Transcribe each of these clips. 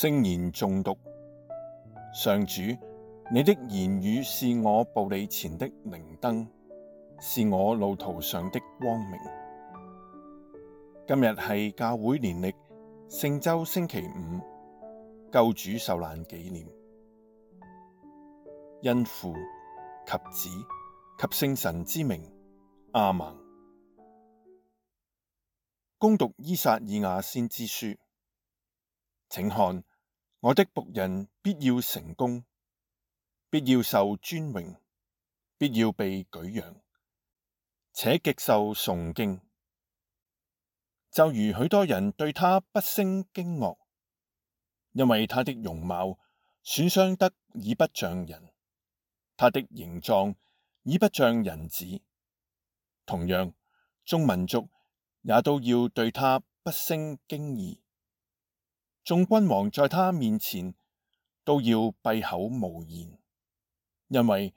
聖言誦讀。上主，你的言語是我步履前的明燈，是我路途上的光明。今日係教會年曆聖周星期五，救主受難紀念。因父及子及聖神之名，阿門。恭讀依撒意亞先知書，請看。我的僕人必要成功，必要受尊榮，必要被舉揚，且極受崇敬。就如許多人對他不勝驚愕，因為他的容貌損傷得已不像人，他的形狀已不像人子。同樣，眾民族也都要對他不勝驚異。眾君王在他面前都要閉口無言，因為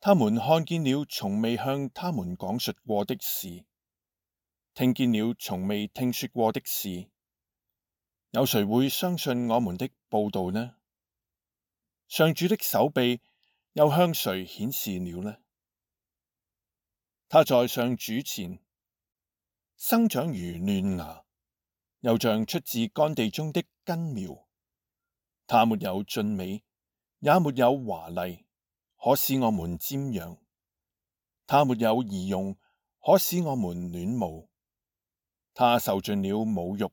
他們看見了從未向他們講述過的事，聽見了從未聽說過的事。有誰會相信我們的報道呢？上主的手臂又向誰顯示了呢？他在上主前生長如嫩芽。又像出自乾地中的根苗，他沒有俊美，也沒有華麗，可使我們瞻仰；他沒有儀容，可使我們戀慕。他受盡了侮辱，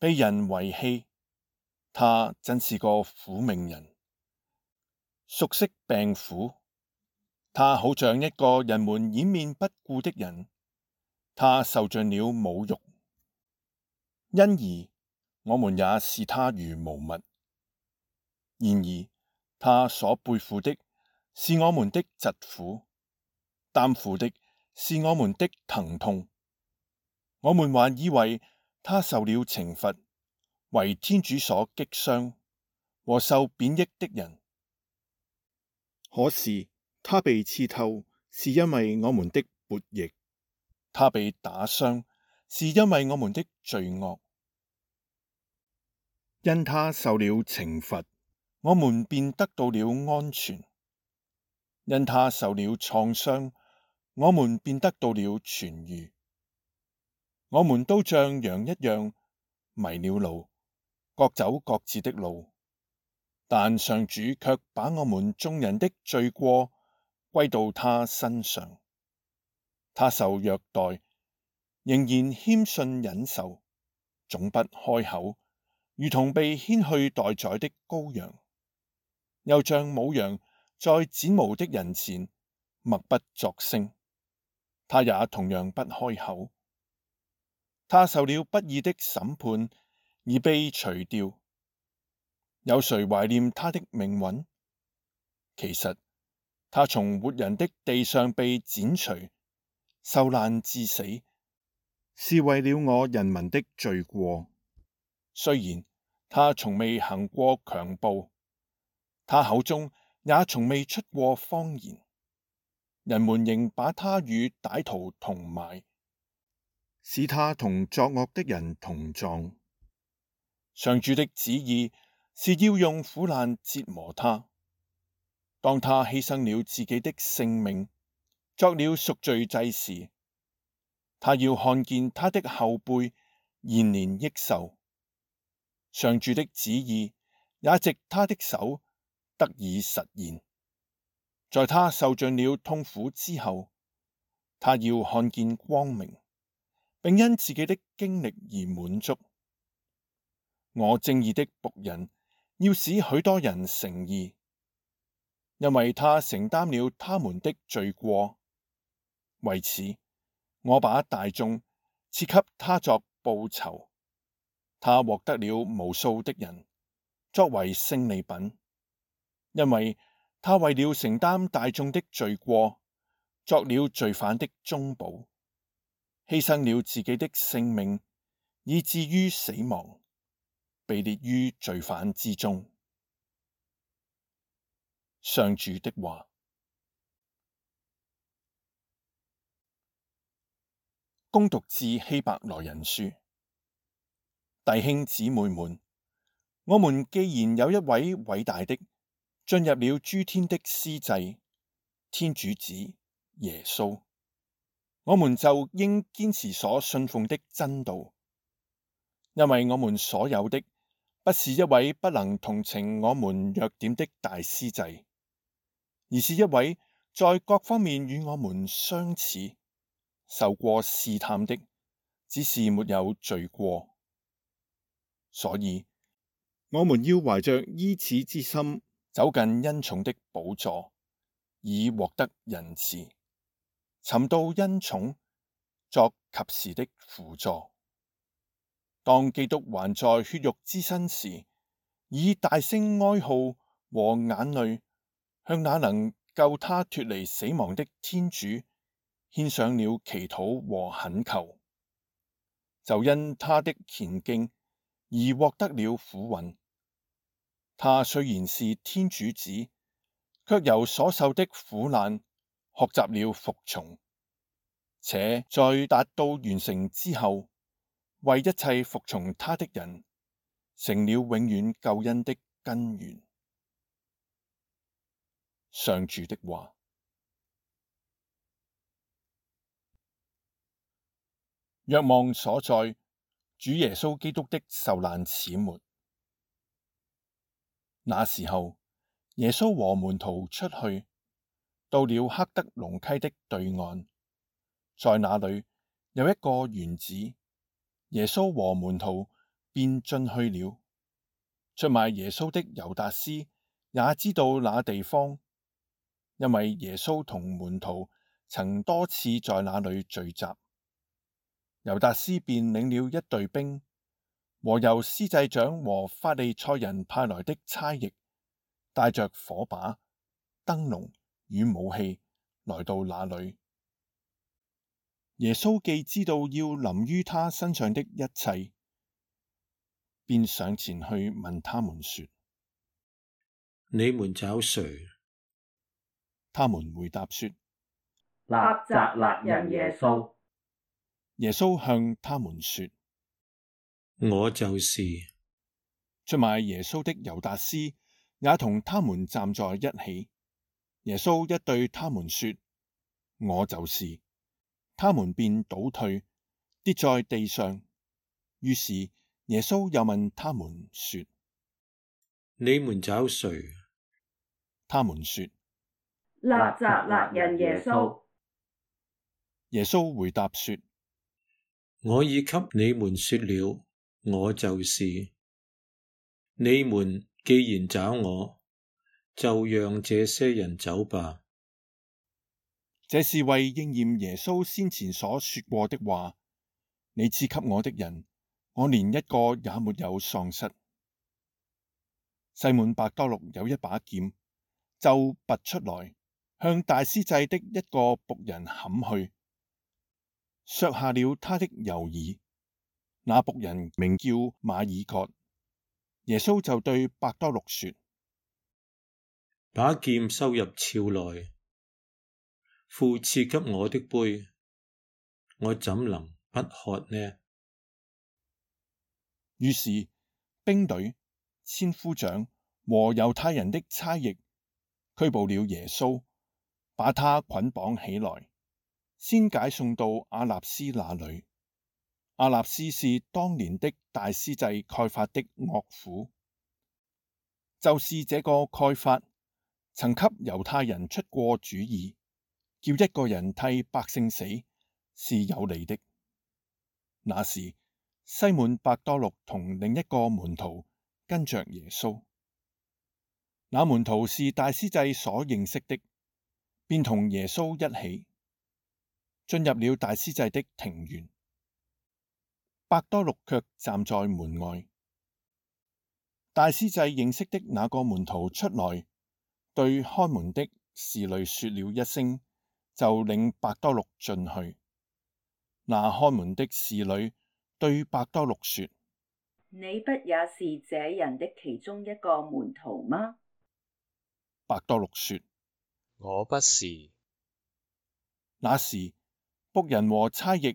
被人遺棄，他真是個苦命人，熟悉病苦。他好像一個人們掩面不顧的人，他受盡了侮辱。因而，我們也視他如無物。然而，他所背負的是我們的疾苦，擔負的是我們的疼痛。我們還以為他受了懲罰，為天主所擊傷和受貶抑的人。可是，他被刺透是因為我們的悖逆，他被打傷。是因為我們的罪惡，因他受了懲罰，我們便得到了安全；因他受了創傷，我們便得到了痊愈。我們都像羊一樣迷了路，各走各自的路，但上主卻把我們眾人的罪過歸到他身上。他受虐待。仍然謙遜忍受，總不開口，如同被牽去待宰的羔羊，又像母羊在剪毛的人前默不作聲。他也同樣不開口。他受了不義的審判，而被除掉，有誰懷念他的命運？其實他從活人的地上被剪除，受難至死。是為了我人民的罪過，雖然他從未行過強暴，他口中也從未出過謊言，人們仍把他與歹徒同埋，使他同作惡的人同葬。上主的旨意是要用苦難折磨他，當他犧牲了自己的性命，作了贖罪祭時。他要看見他的後輩延年益壽，上主的旨意也藉他的手得以實現。在他受盡了痛苦之後，他要看見光明，並因自己的經歷而滿足。我正義的僕人要使許多人成義，因為他承擔了他們的罪過，為此。我把大眾賜給他作報酬，他獲得了無數的人作為勝利品，因為他為了承擔大眾的罪過，作了罪犯的中保，犧牲了自己的性命，以至於死亡，被列於罪犯之中。上主的話。恭讀致希伯來人書，弟兄姊妹們，我們既然有一位偉大的，進入了諸天的司祭，天主子耶穌，我們就應堅持所信奉的真道，因為我們所有的，不是一位不能同情我們弱點的大司祭，而是一位在各方面與我們相似。受過試探的，只是沒有罪過，所以我們要懷着依恃之心，走近恩寵的寶座，以獲得仁慈，尋到恩寵作及時的扶助。當基督還在血肉之身時，以大聲哀號和眼淚，向那能救他脫離死亡的天主。獻上了祈禱和懇求，就因他的虔敬，而獲得了俯允。他雖然是天主子，卻由所受的苦難，學習了服從，且在達到完成之後，為一切服從他的人，成了永遠救恩的根源。上主的話。若望所載，主耶穌基督的受難始末。那時候，耶穌和門徒出去，到了克德龍溪的對岸，在那裡有一個園子，耶穌和門徒便進去了。出賣耶穌的猶達斯也知道那地方，因為耶穌同門徒曾多次在那裡聚集。猶達斯便領了一隊兵，和由司祭長和法利塞人派來的差役，帶着火把、燈籠與武器來到那裏。耶穌既知道要臨於他身上的一切，便上前去問他們說：你們找誰？他們回答說：納匝肋人耶穌。耶穌向他們說：我就是。出賣耶穌的猶達斯，也同他們站在一起。耶穌一對他們說：我就是，他們便倒退，跌在地上。於是耶穌又問他們說：你們找誰？他們說：納匝肋人耶穌。耶穌回答說：我已給你們說了，我就是。你們既然找我，就讓這些人走吧。這是為應驗耶穌先前所說過的話：你賜給我的人，我連一個也沒有喪失。西滿伯多祿有一把劍，就拔出來向大司祭的一個僕人砍去。削下了他的右耳。那僕人名叫瑪耳曷。耶穌就對伯多祿說：把劍收入鞘內。父賜給我的杯，我怎能不喝呢？於是兵隊、千夫長和猶太人的差役，拘捕了耶穌，把他捆綁起來。先解送到亞納斯那裏。亞納斯是當年的大司祭蓋法的岳父，就是這個蓋法曾給猶太人出過主意，叫一個人替百姓死是有利的。那時，西滿伯多禄同另一個門徒跟着耶穌，那門徒是大司祭所認識的，便同耶穌一起。進入了大司祭的庭院，伯多祿却站在門外。大司祭認識的那個門徒出來，對開門的侍女說了一聲，就領伯多祿進去。那開門的侍女對伯多祿說：你不也是這人的其中一個門徒嗎？伯多祿說：我不是。那時。僕人和差役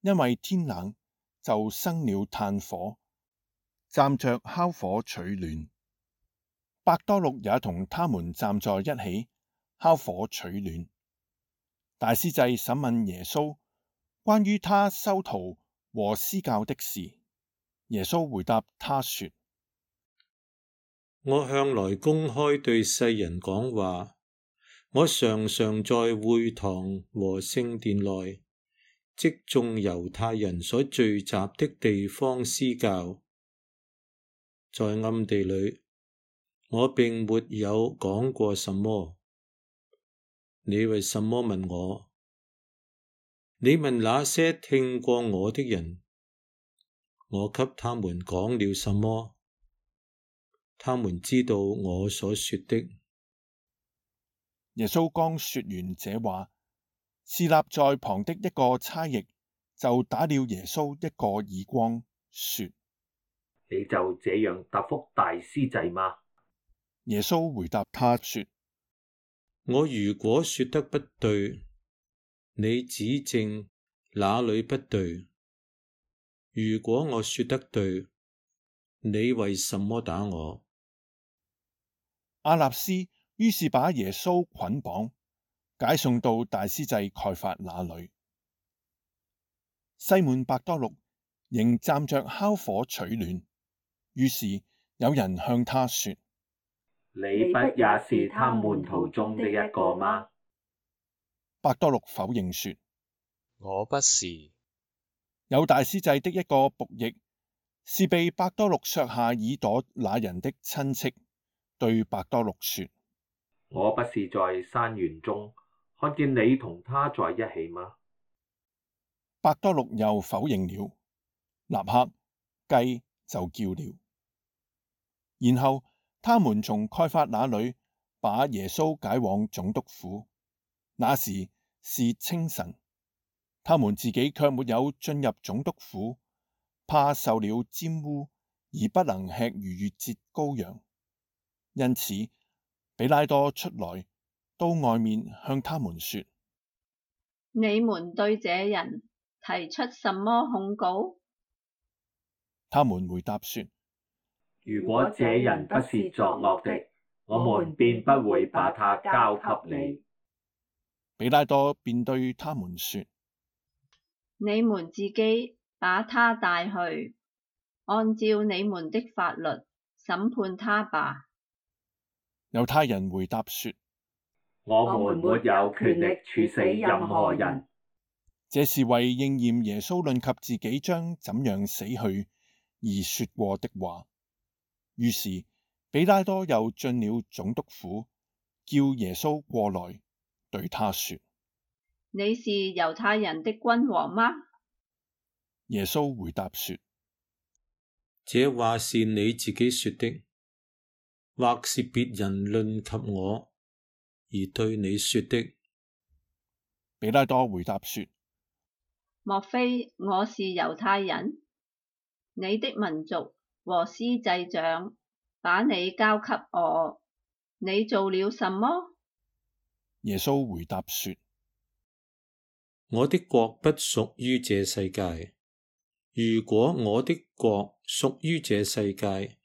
因為天冷，就生了炭火，站着烤火取暖。伯多祿也同他們站在一起，烤火取暖。大司祭審問耶穌，關於他收徒和施教的事，耶穌回答他說：我向來公開對世人講話。我常常在會堂和聖殿內，即眾猶太人所聚集的地方施教。在暗地裏，我並沒有講過什麼。你為什麼問我？你問那些聽過我的人，我給他們講了什麼？他們知道我所說的。耶穌剛說完這話，侍立在旁的一個差役就打了耶穌一個耳光，說：你就這樣答覆大司祭嗎？耶穌回答他說：我如果說得不對，你指證哪裏不對？如果我說得對，你為什麼打我？亞納斯。於是把耶穌捆綁解送到大司祭蓋法那裡。西滿伯多祿仍站着烤火取暖。於是有人向他說：你不也是他門徒中的一個嗎？伯多祿否認說：我不是。有大司祭的一個僕役是被伯多祿削下耳朵那人的親戚，對伯多祿說。我不是在山園中看見你同他在一起嗎？伯多祿又否認了，立刻雞就叫了。然後他們從蓋法那裡把耶穌解往總督府，那時是清晨，他們自己卻沒有進入總督府，怕受了沾污而不能吃逾越節羔羊，因此。比拉多出來到外面向他們說：你們對這人提出什麼控告？他們回答說：如果這人不是作惡的，我們便不會把他交給你。比拉多便對他們說：你們自己把他帶去，按照你們的法律審判他吧。猶太人回答說：我們沒有權力處死任何人，這是為應驗耶穌論及自己將怎樣死去而說過的話。於是比拉多又進了總督府，叫耶穌過來，對他說：你是猶太人的君王嗎？耶穌回答說：這話是你自己說的。或是別人論及我而對你說的，比拉多回答說：莫非我是猶太人？你的民族和司祭長把你交給我，你做了什麼？耶穌回答說：我的國不屬於這世界。如果我的國屬於這世界，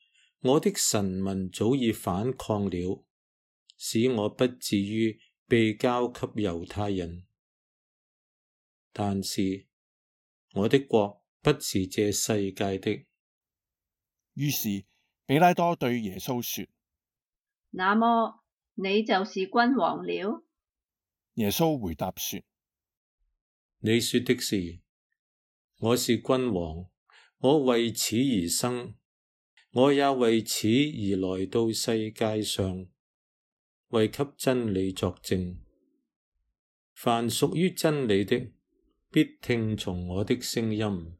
我的臣民早已反抗了，使我不至於被交給猶太人。但是我的國不是這世界的。於是比拉多對耶穌說：那麼你就是君王了。耶穌回答說：你說的是，我是君王，我為此而生。我也為此而來到世界上，為給真理作證。凡屬於真理的，必聽從我的聲音。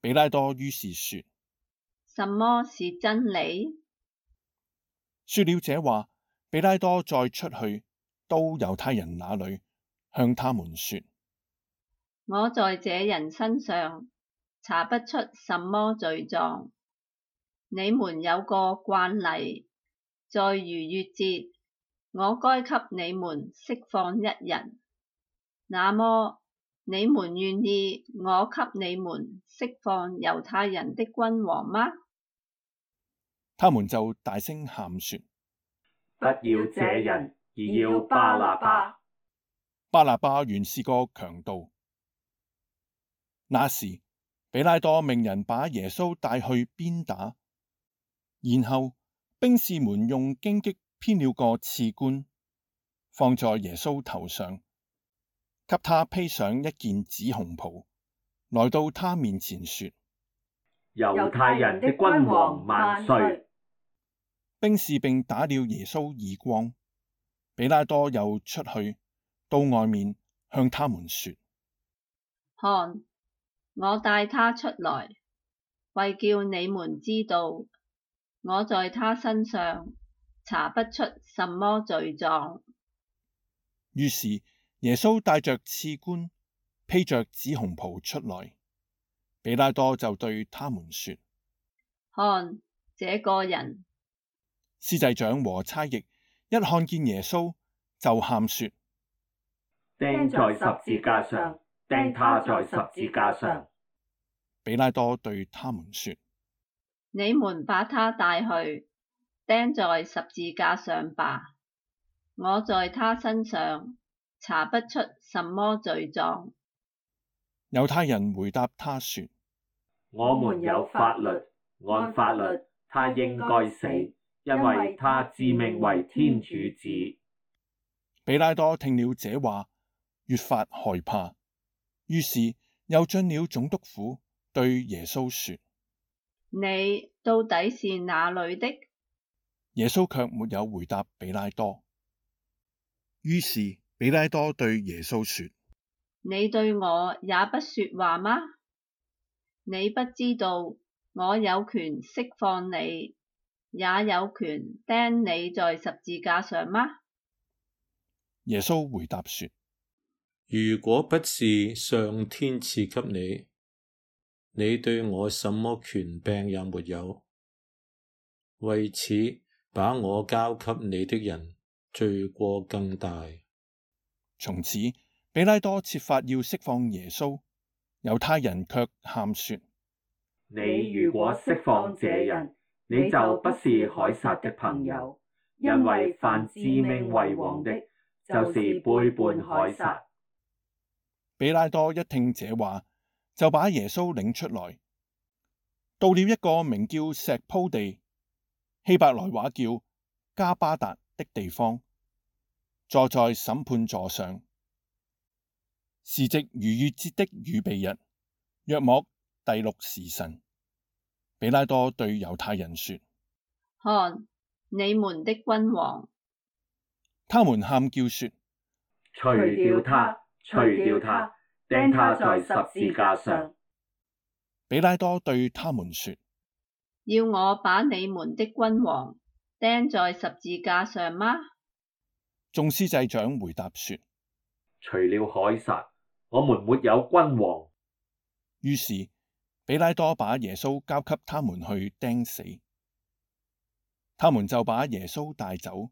比拉多於是說：什麼是真理？說了這話，比拉多再出去到猶太人那裡，向他們說：我在這人身上查不出什麼罪狀。你們有個慣例，在逾越節，我該給你們釋放一人。那麼，你們願意我給你們釋放猶太人的君王嗎？他們就大聲喊說：不要這人，而要巴拿巴。巴拿巴原是個強盜。那時，比拉多命人把耶穌帶去鞭打。然後兵士們用荊棘編了個刺冠，放在耶穌頭上，給他披上一件紫紅袍，來到他面前說：猶太人的君王萬歲！兵士並打了耶穌耳光。比拉多又出去到外面向他們說：看，我帶他出來，為叫你們知道。我在他身上查不出什麼罪狀。於是耶穌帶着刺冠，披着紫紅袍出來。比拉多就對他們說：看這個人。司祭長和差役一看見耶穌，就喊說：釘在十字架上，釘他在十字架上。比拉多對他們說。你們把他帶去釘在十字架上吧，我在他身上查不出什麼罪狀。猶太人回答他說：我們有法律，按法律他應該死，因為他自命為天主子。比拉多聽了這話，越發害怕，於是又進了總督府，對耶穌說。你到底是哪裡的？耶穌卻沒有回答比拉多。於是比拉多對耶穌說：「你對我也不說話嗎？你不知道我有權釋放你，也有權釘你在十字架上嗎？」耶穌回答說：「如果不是上天賜給你。你對我什麼權柄也沒有，為此把我交給你的人罪過更大。從此，比拉多設法要釋放耶穌，猶太人卻喊說：你如果釋放這人，你就不是凱撒的朋友，因為凡自命為王的，就是背叛凱撒。比拉多一聽這話。就把耶穌領出來，到了一個名叫石鋪地（希伯來話叫加巴達）的地方，坐在審判座上。時值逾越節的預備日，約莫第六時辰，比拉多對猶太人說：「看，你們的君王。」他們喊叫說：「除掉他，除掉他。」釘他在十字架上。比拉多對他們說：要我把你們的君王釘在十字架上嗎？眾司祭長回答說：除了凱撒，我們沒有君王。於是比拉多把耶穌交給他們去釘死。他們就把耶穌帶走。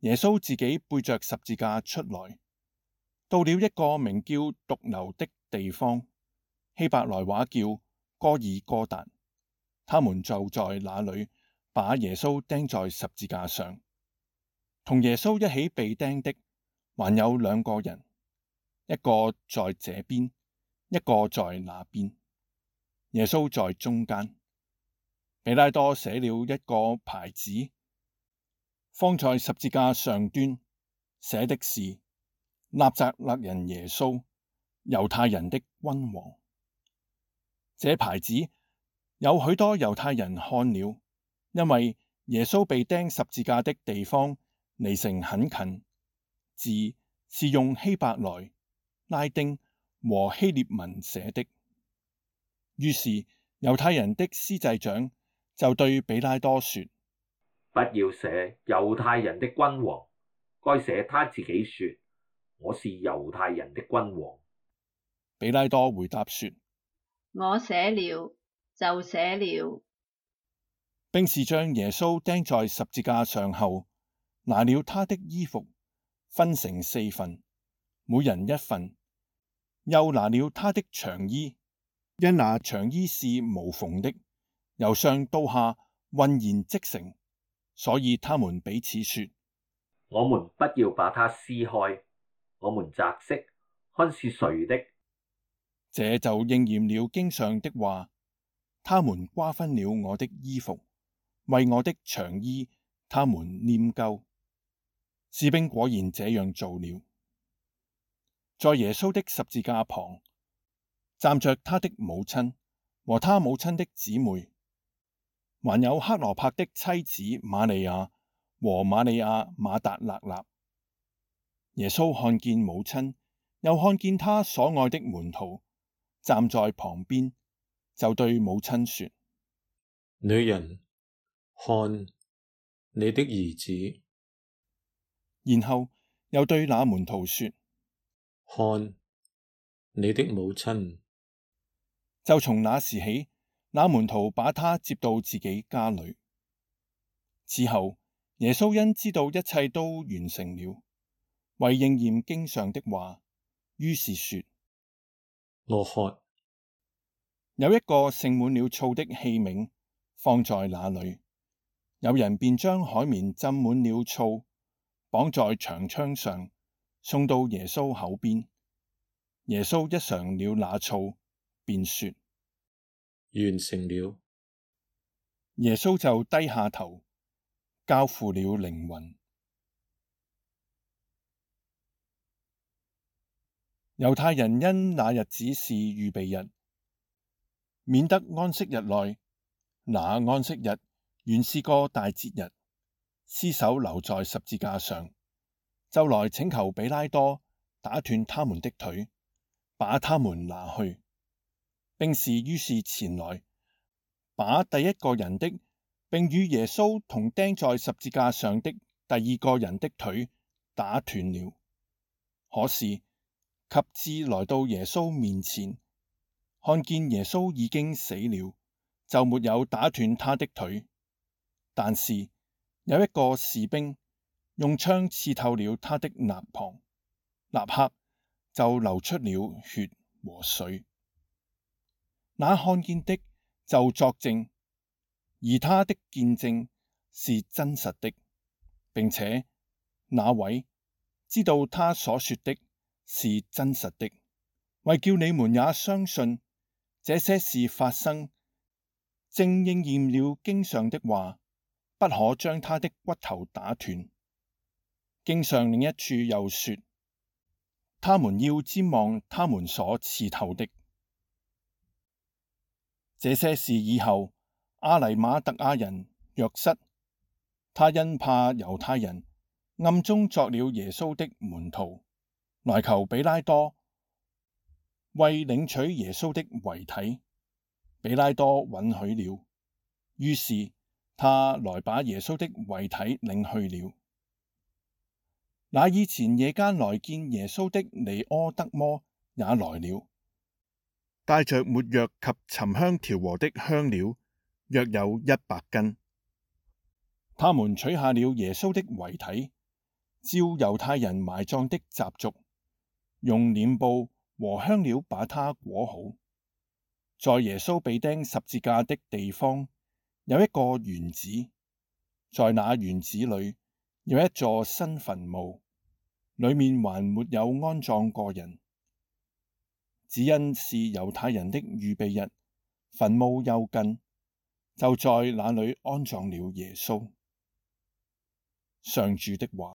耶穌自己背着十字架出來。到了一個名叫髑髏的地方，希伯來話叫哥爾哥達，他們就在那裏把耶穌釘在十字架上。同耶穌一起被釘的還有兩個人，一個在這邊，一個在那邊，耶穌在中間。比拉多寫了一個牌子，放在十字架上端，寫的是。納匝肋人耶穌，猶太人的君王。這牌子有許多猶太人看了，因為耶穌被釘十字架的地方離城很近。字是用希伯來、拉丁和希臘文寫的。於是猶太人的司祭長就對比拉多說：不要寫猶太人的君王，該寫他自己說。我是猶太人的君王，比拉多回答說：我寫了就寫了。兵士將耶穌釘在十字架上後，拿了他的衣服分成四份，每人一份，又拿了他的長衣，因那長衣是無縫的，由上到下渾然織成，所以他們彼此說：我們不要把它撕開。我們擲骰看是誰的，這就應驗了經上的話：他們瓜分了我的衣服，為我的長衣，他們拈鬮。士兵果然這樣做了，在耶穌的十字架旁站着他的母親和他母親的姊妹，還有克羅帕的妻子瑪利亞和瑪利亞瑪達肋納。耶穌看見母親，又看見他所愛的門徒站在旁邊，就對母親說：女人，看你的兒子。然後又對那門徒說：看你的母親。就從那時起，那門徒把他接到自己家裏。此後，耶穌因知道一切都完成了。為應驗經上的話，於是說：我渴。有一個盛滿了醋的器皿放在那裡，有人便將海綿浸滿了醋，綁在長槍上，送到耶穌口邊。耶穌一嘗了那醋，便說：完成了。耶穌就低下頭，交付了靈魂。猶太人因那日子是預備日，免得安息日內那安息日原是個大節日，屍首留在十字架上。就來請求比拉多打斷他們的腿，把他們拿去，并是於是前來把第一個人的，並與耶穌同釘在十字架上的第二個人的腿打斷了。可是。及至來到耶穌面前，看見耶穌已經死了，就沒有打斷他的腿。但是有一個士兵用槍刺透了他的肋旁，立刻就流出了血和水。那看見的就作證，而他的見證是真實的，並且那位知道他所說的。是真實的，為叫你們也相信這些事發生，正應驗了經上的話：不可將他的骨頭打斷。經上另一處又說：他們要瞻望他們所刺透的。這些事以後，阿黎馬特亞人若瑟，他因怕猶太人，暗中作了耶穌的門徒。來求比拉多為領取耶穌的遺體，比拉多允許了。於是他來把耶穌的遺體領去了。那以前夜間來見耶穌的尼苛德摩也來了，帶着沒藥及沉香調和的香料，約有一百斤。他們取下了耶穌的遺體，照猶太人埋葬的習俗。用臉布和香料把它裹好。在耶穌被釘十字架的地方，有一個園子，在那園子裏有一座新墳墓，裏面還沒有安葬過人，只因是猶太人的預備日，墳墓又近，就在那裏安葬了耶穌。上主的話。